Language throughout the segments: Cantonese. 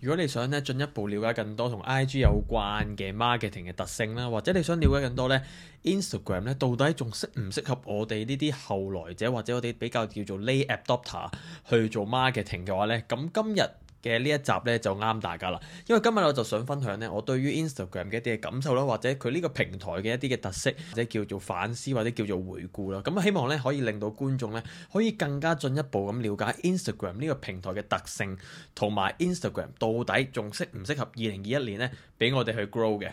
如果你想咧進一步了解更多同 IG 有關嘅 marketing 嘅特性啦，或者你想了解更多咧 Instagram 咧到底仲適唔適合我哋呢啲後來者，或者我哋比較叫做 late adopter 去做 marketing 嘅話呢，咁今日嘅呢一集呢就啱大家啦，因為今日我就想分享呢我對於 Instagram 嘅一啲感受啦，或者佢呢個平台嘅一啲嘅特色，或者叫做反思或者叫做回顧啦，咁希望呢可以令到觀眾呢可以更加進一步咁了解 Instagram 呢個平台嘅特性，同埋 Instagram 到底仲適唔適合二零二一年呢俾我哋去 grow 嘅。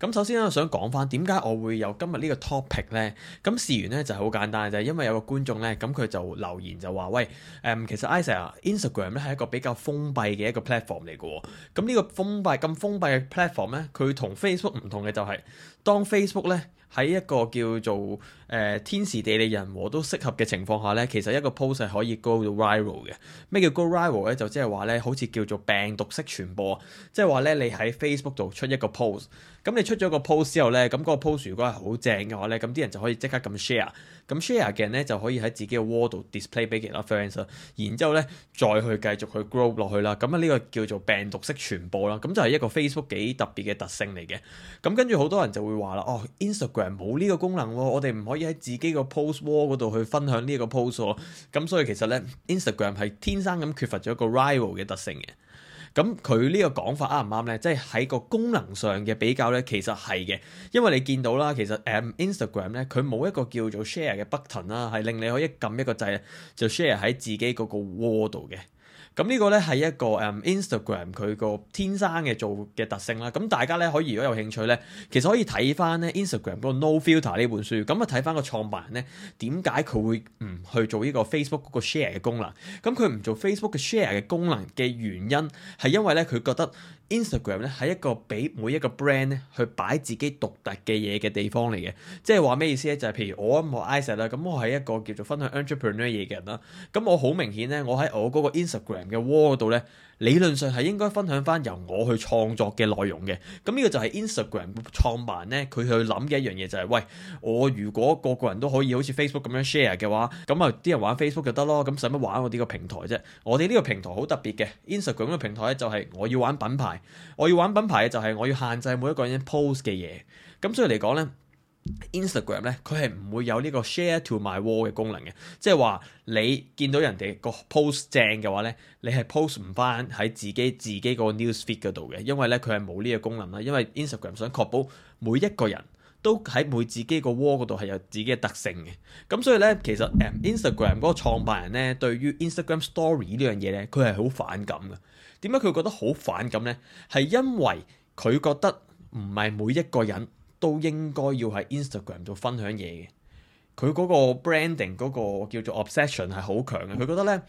咁首先咧，想講翻點解我會有今日呢個 topic 呢。咁事源呢，就係好簡單嘅啫，因為有個觀眾呢，咁佢就留言就話：喂，誒、嗯，其實 Isaiah Instagram 咧係一個比較封閉嘅一個 platform 嚟嘅。咁呢個封閉咁封閉嘅 platform 呢，佢同 Facebook 唔同嘅就係當 Facebook 呢喺一個叫做誒、呃、天時地利人和都適合嘅情況下呢，其實一個 post 係可以 go 到 viral 嘅。咩叫 go viral 呢？就即係話呢，好似叫做病毒式傳播，即係話呢，你喺 Facebook 度出一個 post。咁你出咗個 post 之後呢，咁嗰個 post 如果係好正嘅話呢，咁啲人就可以即刻咁 share，咁 share 嘅人呢，就可以喺自己嘅 wall 度 display 俾其他 friends 然之後呢，再去繼續去 group 落去啦，咁啊呢個叫做病毒式傳播啦，咁就係一個 Facebook 幾特別嘅特性嚟嘅。咁跟住好多人就會話啦，哦 Instagram 冇呢個功能喎，我哋唔可以喺自己個 post wall 嗰度去分享呢個 post 喎，咁所以其實呢 Instagram 係天生咁缺乏咗個 rival 嘅特性嘅。咁佢呢個講法啱唔啱咧？即係喺個功能上嘅比較咧，其實係嘅，因為你見到啦，其實誒 Instagram 咧，佢冇一個叫做 share 嘅 button 啦，係令你可以一撳一個掣就 share 喺自己嗰個 world 度嘅。咁呢個咧係一個誒 Instagram 佢個天生嘅做嘅特性啦。咁大家咧可以如果有興趣咧，其實可以睇翻咧 Instagram 嗰個 No Filter 呢本書。咁啊睇翻個創辦人咧點解佢會唔去做呢個 Facebook 嗰個 share 嘅功能？咁佢唔做 Facebook 嘅 share 嘅功能嘅原因係因為咧佢覺得。Instagram 咧係一個俾每一個 brand 咧去擺自己獨特嘅嘢嘅地方嚟嘅，即係話咩意思咧？就係譬如我咁，我 Isa 啦，咁我係一個叫做分享 entrepreneur 嘢嘅人啦，咁我好明顯咧，我喺我嗰個 Instagram 嘅 wall 嗰度咧，理論上係應該分享翻由我去創作嘅內容嘅。咁呢個就係 Instagram 創辦咧佢去諗嘅一樣嘢就係，喂，我如果個個人都可以好似 Facebook 咁樣 share 嘅話，咁啊啲人玩 Facebook 就得咯，咁使乜玩我呢個平台啫？我哋呢個平台好特別嘅，Instagram 個平台咧就係我要玩品牌。我要玩品牌嘅就係我要限制每一個人 post 嘅嘢，咁所以嚟講呢，Instagram 呢，佢係唔會有呢個 share to my wall 嘅功能嘅。即係話你見到人哋個 post 正嘅話呢，你係 post 唔翻喺自己自己個 news feed 嗰度嘅，因為呢，佢係冇呢個功能啦，因為 Instagram 想確保每一個人。都喺每自己個窩嗰度係有自己嘅特性嘅，咁所以呢，其實誒 Instagram 嗰個創辦人呢，對於 Instagram Story 呢樣嘢呢，佢係好反感嘅。點解佢覺得好反感呢？係因為佢覺得唔係每一個人都應該要喺 Instagram 度分享嘢嘅。佢嗰個 branding 嗰個叫做 obsession 係好強嘅。佢覺得呢。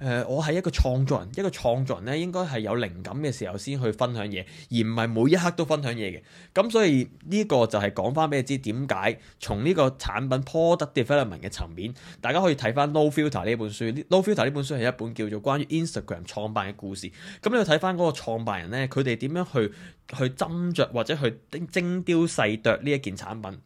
誒、呃，我係一個創作人，一個創作人咧，應該係有靈感嘅時候先去分享嘢，而唔係每一刻都分享嘢嘅。咁所以呢個就係講翻俾你知點解從呢個產品 product development 嘅層面，大家可以睇翻、no《No Filter》呢本書，《No Filter》呢本書係一本叫做關於 Instagram 創辦嘅故事。咁你要睇翻嗰個創辦人咧，佢哋點樣去去斟酌或者去精雕細琢呢一件產品。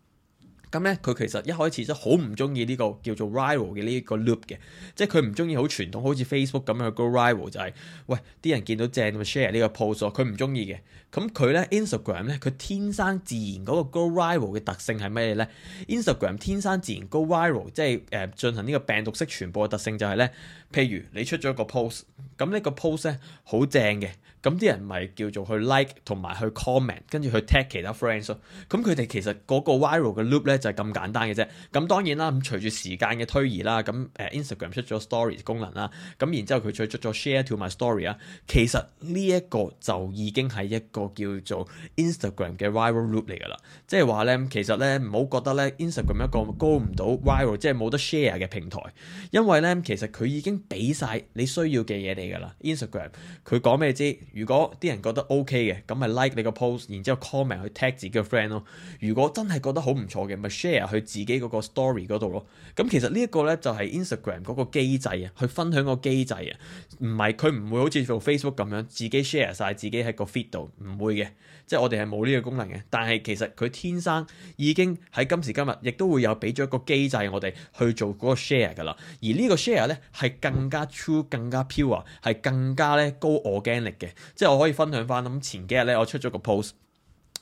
咁咧，佢其實一開始都好唔中意呢個叫做 viral 嘅呢一個 loop 嘅，即係佢唔中意好傳統，好似 Facebook 咁樣去 go viral 就係、是、喂啲人見到正會 share 呢個 post，佢唔中意嘅。咁佢咧 Instagram 咧，佢天生自然嗰個 go viral 嘅特性係咩咧？Instagram 天生自然 go viral，即、就、係、是、誒、呃、進行呢個病毒式傳播嘅特性就係咧，譬如你出咗個 post，咁呢個 post 咧好正嘅。咁啲人咪叫做去 like 同埋去 comment，跟住去 tag 其他 friends。咯、嗯。咁佢哋其實嗰個 viral 嘅 loop 咧就係、是、咁簡單嘅啫。咁、嗯、當然啦，咁隨住時間嘅推移啦，咁、嗯、誒 Instagram 出咗 story 功能啦，咁、嗯、然之後佢再出咗 share to my story 啊、就是。其實呢一個就已經係一個叫做 Instagram 嘅 viral loop 嚟噶啦。即係話咧，其實咧唔好覺得咧 Instagram 一個 go 唔到 viral，即係冇得 share 嘅平台，因為咧其實佢已經俾晒你需要嘅嘢你噶啦。Instagram 佢講咩知？如果啲人覺得 OK 嘅，咁咪 like 你個 post，然之後 comment 去 tag 自己個 friend 咯。如果真係覺得好唔錯嘅，咪 share 去自己嗰個 story 嗰度咯。咁其實呢一個呢，就係 Instagram 嗰個機制啊，去分享個機制啊，唔係佢唔會好似做 Facebook 咁樣自己 share 晒自己喺個 feed 度，唔會嘅。即係我哋係冇呢個功能嘅，但係其實佢天生已經喺今時今日，亦都會有俾咗一個機制我哋去做嗰個 share 噶啦。而呢個 share 咧係更加 true、更加 pure、係更加咧高 organic 嘅，即係我可以分享翻咁前幾日咧，我出咗個 post。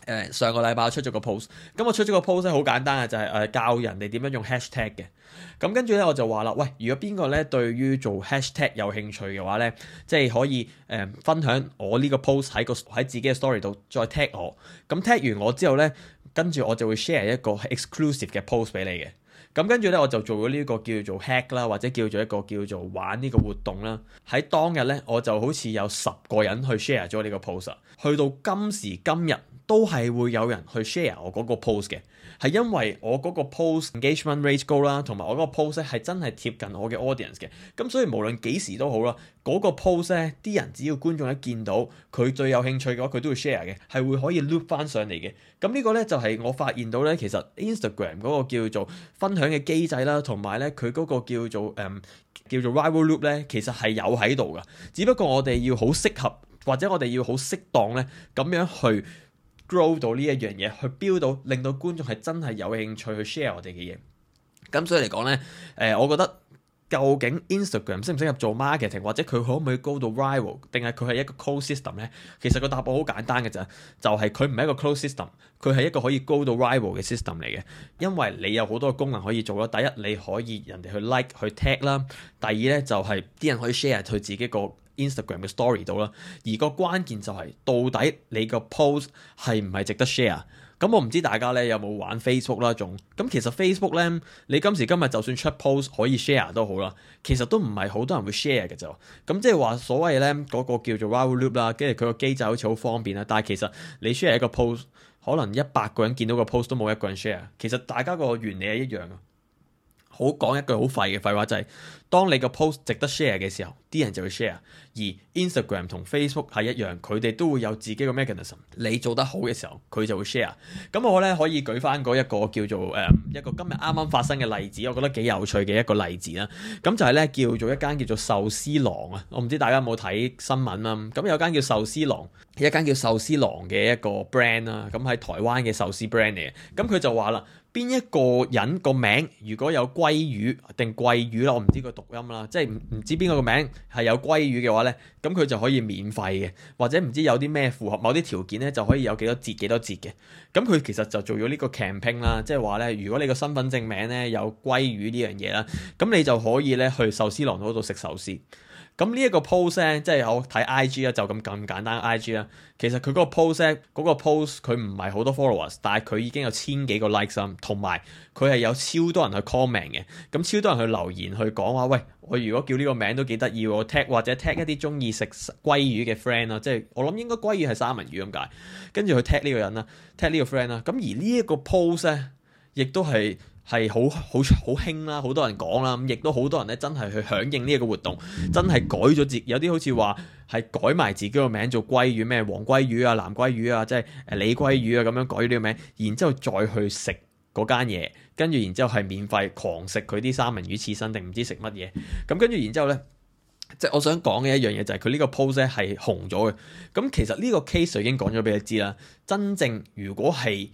誒上個禮拜出咗個 post，咁我出咗個 post 咧，好簡單啊，就係誒教人哋點樣用 hashtag 嘅。咁跟住呢，我就話啦，喂，如果邊個呢？對於做 hashtag 有興趣嘅話呢，即係可以誒分享我呢個 post 喺個喺自己嘅 story 度再 tag 我。咁 tag 完我之後呢，跟住我就會 share 一個 exclusive 嘅 post 俾你嘅。咁跟住呢，我就做咗呢個叫做 hack 啦，或者叫做一個叫做玩呢個活動啦。喺當日呢，我就好似有十個人去 share 咗呢個 post，去到今時今日，都係會有人去 share 我嗰個 post 嘅，係因為我嗰個 post engagement rate g 高啦，同埋我嗰個 post 咧係真係貼近我嘅 audience 嘅，咁所以無論幾時都好啦，嗰、嗰個 post 咧，啲人只要觀眾一見到佢最有興趣嘅話，佢都會 share 嘅，係會可以 loop 翻上嚟嘅。咁呢個呢，就係、係、我發現到呢，其實 Instagram 嗰個叫做分享嘅機制啦，同埋呢，佢嗰個叫做誒、嗯、叫做 viral loop 呢，其實係有喺度㗎，只不過我哋要好適合或者我哋要好適當呢，咁樣去。grow 到呢一樣嘢，去 build 到令到觀眾係真係有興趣去 share 我哋嘅嘢。咁所以嚟講呢，誒、呃，我覺得究竟 Instagram 適唔適合做 marketing，或者佢可唔可以 grow 到 rival，定係佢係一個 close system 呢？其實個答案好簡單嘅咋，就係佢唔係一個 close system，佢係一個可以 grow 到 rival 嘅 system 嚟嘅。因為你有好多功能可以做咯。第一，你可以人哋去 like 去 tag 啦；第二呢，就係、是、啲人可以 share 佢自己個。Instagram 嘅 story 到啦，而個關鍵就係到底你個 post 係唔係值得 share？咁我唔知大家咧有冇玩 Facebook 啦，仲咁其實 Facebook 咧，你今時今日就算出 post 可以 share 都好啦，其實都唔係好多人會 share 嘅就，咁即係話所謂咧嗰個叫做 value loop 啦，跟住佢個機制好似好方便啦，但係其實你 share 一個 post，可能一百個人見到個 post 都冇一個人 share，其實大家個原理係一樣嘅。好，講一句好廢嘅廢話就係、是，當你個 post 值得 share 嘅時候，啲人就會 share。而 Instagram 同 Facebook 係一樣，佢哋都會有自己嘅 mechanism。你做得好嘅時候，佢就會 share。咁我咧可以舉翻嗰一個叫做誒、呃、一個今日啱啱發生嘅例子，我覺得幾有趣嘅一個例子啦。咁就係咧叫做一間叫做壽司郎啊，我唔知大家有冇睇新聞啦。咁有間叫壽司郎，一間叫壽司郎嘅一個 brand 啦，咁喺台灣嘅壽司 brand 嚟嘅。咁佢就話啦。邊一個人個名如果有鮭魚定鮭魚啦，我唔知個讀音啦，即係唔唔知邊個個名係有鮭魚嘅話咧，咁佢就可以免費嘅，或者唔知有啲咩符合某啲條件咧，就可以有幾多折幾多折嘅。咁佢其實就做咗呢個 campaign 啦，即係話咧，如果你個身份證名咧有鮭魚呢樣嘢啦，咁你就可以咧去壽司郎嗰度食壽司。咁呢一個 post 咧，即係好睇 I G 啊，就咁、是、咁簡單 I G 啦。IG，其實佢嗰、那個 post 嗰 post 佢唔係好多 followers，但係佢已經有千幾個 like 咁，同埋佢係有超多人去 comment 嘅。咁超多人去留言去講話、啊，喂，我如果叫呢個名都幾得意，我 tag 或者 tag 一啲中意食鮭魚嘅 friend 啦。即係我諗應該鮭魚係三文魚咁解，跟住去 tag 呢個人啦，tag 呢個 friend 啦。咁而呢一個 post 咧。亦都係係好好好興啦，好多人講啦，咁亦都好多人咧真係去響應呢一個活動，真係改咗自有啲好似話係改埋自己個名做鮭魚咩黃鮭魚啊、藍鮭魚啊，即係誒李鮭魚啊咁樣改呢個名，然之後再去食嗰間嘢，跟住然之後係免費狂食佢啲三文魚刺身定唔知食乜嘢，咁跟住然之後咧，即係我想講嘅一樣嘢就係佢呢個 post 咧係紅咗嘅，咁其實呢個 case 已經講咗俾你知啦，真正如果係。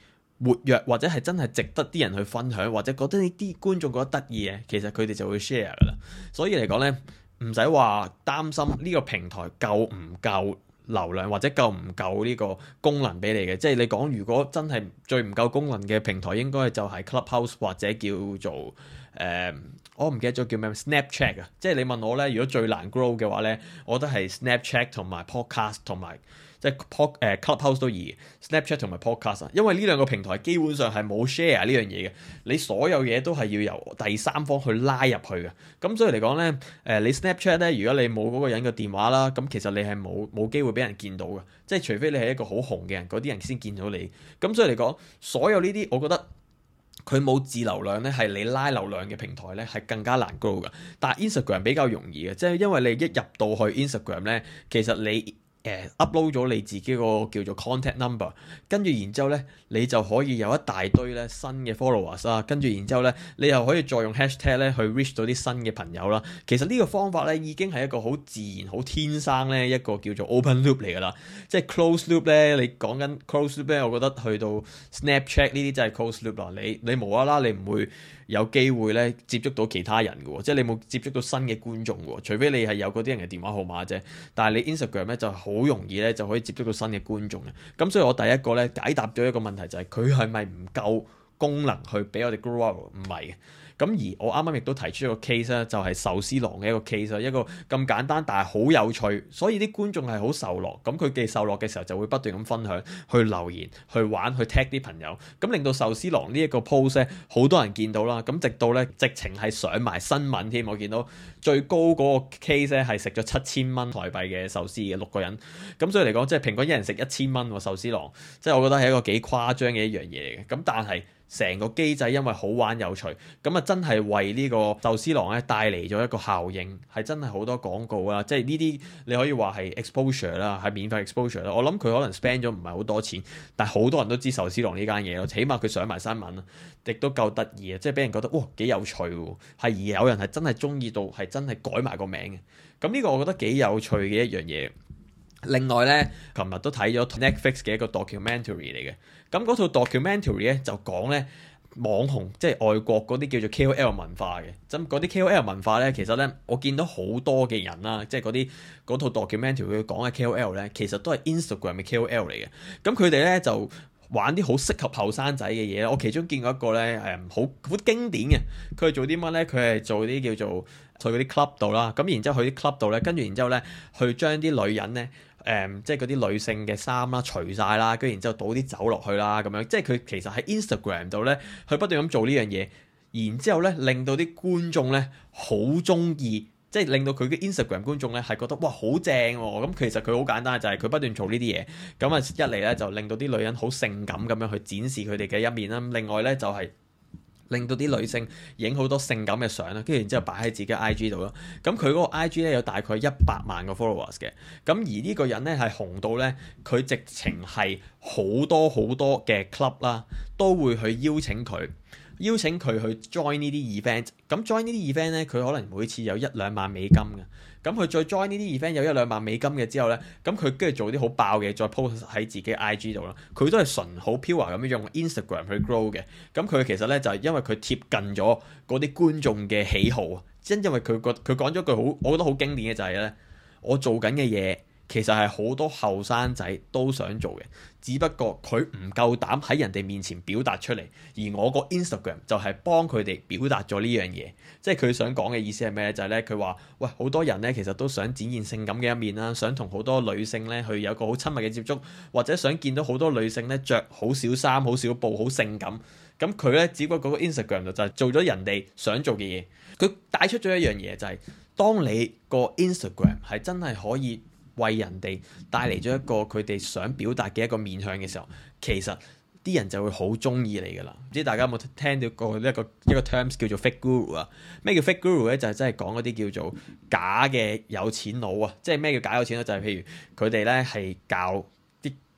活躍或者係真係值得啲人去分享，或者覺得呢啲觀眾覺得得意嘅，其實佢哋就會 share 噶啦。所以嚟講呢，唔使話擔心呢個平台夠唔夠流量或者夠唔夠呢個功能俾你嘅。即係你講如果真係最唔夠功能嘅平台，應該就係 Clubhouse 或者叫做誒、呃，我唔記得咗叫咩 Snapchat 啊。即係你問我呢，如果最難 grow 嘅話呢，我覺得係 Snapchat 同埋 Podcast 同埋。即係誒 Clubhouse 都易，Snapchat 同埋 Podcast 因為呢兩個平台基本上係冇 share 呢樣嘢嘅，你所有嘢都係要由第三方去拉入去嘅，咁所以嚟講呢，誒你 Snapchat 咧，如果你冇嗰個人嘅電話啦，咁其實你係冇冇機會俾人見到嘅，即係除非你係一個好紅嘅人，嗰啲人先見到你，咁所以嚟講，所有呢啲，我覺得佢冇自流量呢係你拉流量嘅平台呢係更加難 grow 嘅。但係 Instagram 比較容易嘅，即係因為你一入到去 Instagram 呢，其實你。誒 upload 咗你自己個叫做 contact number，跟住然之後呢，你就可以有一大堆咧新嘅 followers 啦、啊。跟住然之後呢，你又可以再用 hashtag 咧去 reach 到啲新嘅朋友啦、啊。其實呢個方法呢，已經係一個好自然、好天生呢一個叫做 open loop 嚟㗎啦。即係 close loop 呢，你講緊 close loop 呢，我覺得去到 Snapchat 呢啲真係 close loop 啦。你你無啦啦你唔會。有機會咧接觸到其他人嘅喎，即係你冇接觸到新嘅觀眾喎，除非你係有嗰啲人嘅電話號碼啫。但係你 Instagram 咧就好容易咧就可以接觸到新嘅觀眾嘅。咁所以我第一個咧解答咗一個問題，就係佢係咪唔夠功能去俾我哋 grow？唔係嘅。咁而我啱啱亦都提出一個 case 咧，就係、是、壽司郎嘅一個 case，一個咁簡單，但係好有趣，所以啲觀眾係好受落。咁佢既受落嘅時候，就會不斷咁分享、去留言、去玩、去 tag 啲朋友，咁令到壽司郎呢一個 pose 好多人見到啦。咁直到咧直情係上埋新聞添，我見到最高嗰個 case 咧係食咗七千蚊台幣嘅壽司嘅六個人。咁所以嚟講，即係平均一人食一千蚊壽司郎，即係我覺得係一個幾誇張嘅一樣嘢嚟嘅。咁但係成個機制因為好玩有趣，咁啊～真係為呢個壽司郎咧帶嚟咗一個效應，係真係好多廣告啊。即係呢啲你可以話係 exposure 啦，係免費 exposure 啦。我諗佢可能 spend 咗唔係好多錢，但係好多人都知壽司郎呢間嘢咯。起碼佢上埋新聞啦，亦都夠得意啊，即係俾人覺得哇幾有趣喎。係有人係真係中意到係真係改埋個名嘅。咁呢個我覺得幾有趣嘅一樣嘢。另外呢，琴日都睇咗 Netflix 嘅一個 documentary 嚟嘅。咁嗰套 documentary 咧就講呢。網紅即係外國嗰啲叫做 KOL 文化嘅，咁嗰啲 KOL 文化呢，其實呢，我見到好多嘅人啦，即係嗰啲嗰套 documentary 佢講嘅 KOL 呢，其實都係 Instagram 嘅 KOL 嚟嘅。咁佢哋呢，就玩啲好適合後生仔嘅嘢。我其中見到一個呢，誒、好好經典嘅，佢係做啲乜呢？佢係做啲叫做去啲 club 度啦。咁然之後去啲 club 度呢，跟住然之後呢，去將啲女人呢。誒、嗯，即係嗰啲女性嘅衫啦，除晒啦，跟住然之後倒啲酒落去啦，咁樣，即係佢其實喺 Instagram 度咧，佢不斷咁做呢樣嘢，然之後咧令到啲觀眾咧好鍾意，即係令到佢嘅 Instagram 觀眾咧係覺得哇好正喎，哦，咁其實佢好簡單，就係，是，佢不斷做呢啲嘢，咁啊一嚟咧就令到啲女人好性感咁樣去展示佢哋嘅一面啦，另外咧就係，是。令到啲女性影好多性感嘅相啦，跟住然之後擺喺自己 IG 度咯。咁佢嗰個 IG 咧有大概一百萬個 followers 嘅。咁而呢個人咧係紅到咧，佢直情係好多好多嘅 club 啦，都會去邀請佢，邀請佢去 join 呢啲 event。咁 join 呢啲 event 咧，佢可能每次有一兩萬美金嘅。咁佢再 join 呢啲 event 有一兩萬美金嘅之後呢，咁佢跟住做啲好爆嘅，再 post 喺自己 IG 度啦。佢都係純好 pure 咁樣用 Instagram 去 grow 嘅。咁佢其實呢，就係因為佢貼近咗嗰啲觀眾嘅喜好，因因為佢個佢講咗句好，我覺得好經典嘅就係呢：「我做緊嘅嘢。其實係好多後生仔都想做嘅，只不過佢唔夠膽喺人哋面前表達出嚟。而我個 Instagram 就係幫佢哋表達咗呢樣嘢，即係佢想講嘅意思係咩咧？就係咧，佢話喂，好多人咧其實都想展現性感嘅一面啦，想同好多女性咧去有個好親密嘅接觸，或者想見到好多女性咧着好少衫、好少布、好性感。咁佢咧只不過嗰個 Instagram 就就係做咗人哋想做嘅嘢，佢帶出咗一樣嘢就係，當你個 Instagram 係真係可以。為人哋帶嚟咗一個佢哋想表達嘅一個面向嘅時候，其實啲人就會好中意你噶啦。唔知大家有冇聽到過一個一個 terms 叫做 fake guru 啊？咩叫 fake guru 咧？就係、是、真係講嗰啲叫做假嘅有錢佬啊！即係咩叫假有錢佬？就係、是、譬如佢哋咧係教。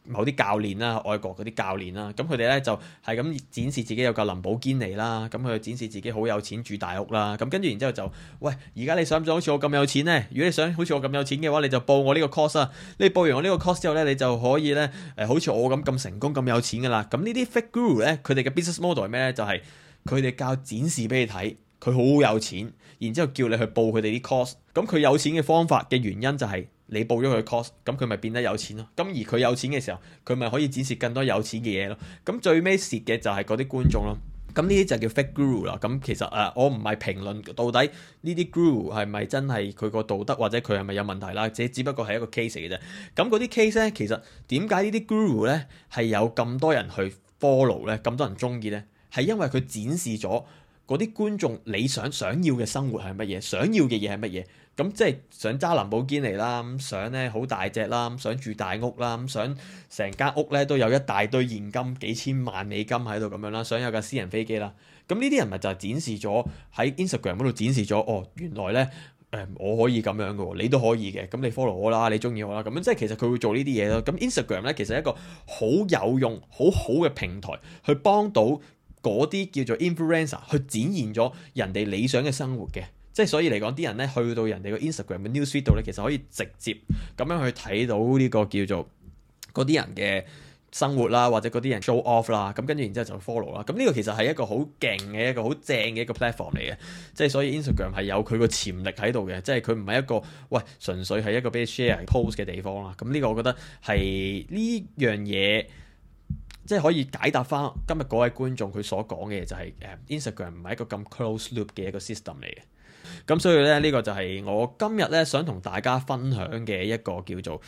某啲教練啦，外國嗰啲教練啦，咁佢哋咧就係咁展示自己有個林寶堅尼啦，咁佢展示自己好有錢住大屋啦，咁跟住然之後就，喂，而家你想唔想好似我咁有錢咧？如果你想好似我咁有錢嘅話，你就報我呢個 course 啊！你報完我呢個 course 之後咧，你就可以咧，誒，好似我咁咁成功咁有錢噶啦。咁呢啲 fake guru 咧，佢哋嘅 business model 係咩咧？就係佢哋教展示俾你睇，佢好有錢，然之後叫你去報佢哋啲 course。咁佢有錢嘅方法嘅原因就係、是。你報咗佢 cost，咁佢咪變得有錢咯？咁而佢有錢嘅時候，佢咪可以展示更多有錢嘅嘢咯？咁最尾蝕嘅就係嗰啲觀眾咯。咁呢啲就叫 fake guru 啦。咁其實誒，我唔係評論到底呢啲 guru 係咪真係佢個道德或者佢係咪有問題啦，只只不過係一個 case 嚟嘅啫。咁嗰啲 case 咧，其實點解呢啲 guru 咧係有咁多人去 follow 咧？咁多人鍾意咧，係因為佢展示咗嗰啲觀眾理想想要嘅生活係乜嘢？想要嘅嘢係乜嘢？咁即係想揸林保堅嚟林寶堅尼啦，咁想咧好大隻啦，想住大屋啦，咁想成間屋咧都有一大堆現金幾千萬美金喺度咁樣啦，想有架私人飛機啦。咁呢啲人咪就係展示咗喺 Instagram 嗰度展示咗，哦，原來咧誒、呃、我可以咁樣嘅，你都可以嘅，咁你 follow 我啦，你中意我啦，咁樣即係其實佢會做呢啲嘢咯。咁 Instagram 咧其實一個好有用、好好嘅平台，去幫到嗰啲叫做 influencer 去展現咗人哋理想嘅生活嘅。即係所以嚟講，啲人咧去到人哋個 Instagram 嘅 Newsfeed 度咧，其實可以直接咁樣去睇到呢個叫做嗰啲人嘅生活啦，或者嗰啲人 show off 啦，咁跟住然之後就 follow 啦。咁、嗯、呢、這個其實係一個好勁嘅一個好正嘅一個 platform 嚟嘅。即係所以 Instagram 係有佢個潛力喺度嘅，即係佢唔係一個喂純粹係一個俾人 share post 嘅地方啦。咁、嗯、呢、這個我覺得係呢樣嘢，即係可以解答返今日各位觀眾佢所講嘅就係、是、誒、嗯、Instagram 唔係一個咁 close loop 嘅一個 system 嚟嘅。咁所以咧，呢個就係我今日咧想同大家分享嘅一個叫做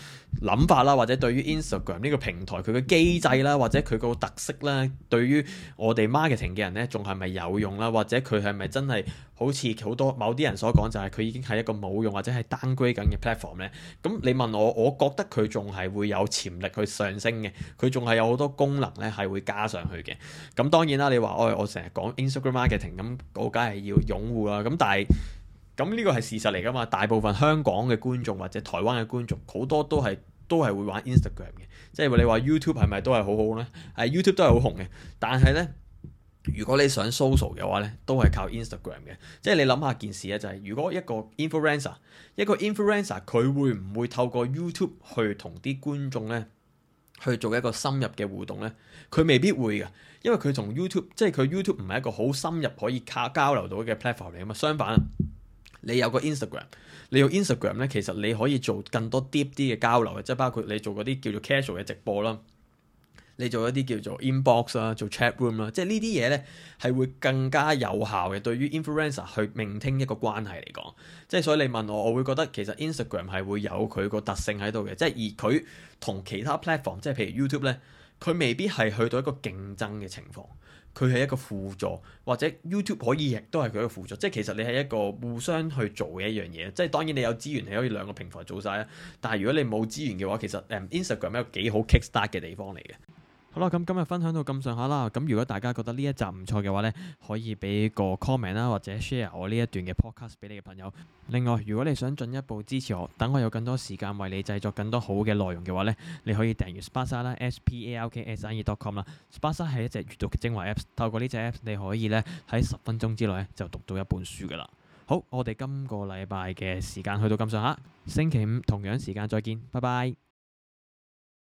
諗法啦，或者對於 Instagram 呢個平台佢嘅機制啦，或者佢個特色啦，對於我哋 marketing 嘅人咧，仲係咪有用啦？或者佢係咪真係？好似好多某啲人所講，就係佢已經係一個冇用或者係 downgrade 緊嘅 platform 咧。咁你問我，我覺得佢仲係會有潛力去上升嘅。佢仲係有好多功能咧，係會加上去嘅。咁當然啦，你話哦、哎，我成日講 Instagram marketing，咁我梗係要擁護啦。咁但係咁呢個係事實嚟噶嘛？大部分香港嘅觀眾或者台灣嘅觀眾，好多都係都係會玩 Instagram 嘅。即係你話 YouTube 係咪都係好好呢？係 YouTube 都係好紅嘅，但係呢。如果你想 social 嘅話咧，都係靠 Instagram 嘅。即係你諗下件事咧，就係如果一個 influencer，一個 influencer 佢會唔會透過 YouTube 去同啲觀眾咧去做一個深入嘅互動咧？佢未必會㗎，因為佢同 YouTube，即係佢 YouTube 唔係一個好深入可以卡交流到嘅 platform 嚟啊嘛。相反，你有個 Instagram，你用 Instagram 咧，其實你可以做更多 deep 啲嘅交流嘅，即係包括你做嗰啲叫做 casual 嘅直播啦。你做一啲叫做 inbox 啊，做 chat room 啦、啊，即係呢啲嘢咧係會更加有效嘅，對於 influencer 去 maintain 一個關係嚟講，即係所以你問我，我會覺得其實 Instagram 係會有佢個特性喺度嘅。即係而佢同其他 platform，即係譬如 YouTube 咧，佢未必係去到一個競爭嘅情況，佢係一個輔助，或者 YouTube 可以亦都係佢一個輔助。即係其實你係一個互相去做嘅一樣嘢。即係當然你有資源，你可以兩個平台做晒啦，但係如果你冇資源嘅話，其實誒 Instagram 係一個幾好 kick start 嘅地方嚟嘅。好啦，咁今日分享到咁上下啦。咁如果大家覺得呢一集唔錯嘅話呢可以俾個 comment 啦、啊，或者 share 我呢一段嘅 podcast 俾你嘅朋友。另外，如果你想進一步支持我，等我有更多時間為你製作更多好嘅內容嘅話呢你可以訂閱 Spasa 啦，S P A R K S I N E dot com 啦。Spasa ar 係一隻閱讀嘅精華 apps，透過呢隻 apps 你可以呢喺十分鐘之內就讀到一本書噶啦。好，我哋今個禮拜嘅時間去到咁上下，星期五同樣時間再見，拜拜。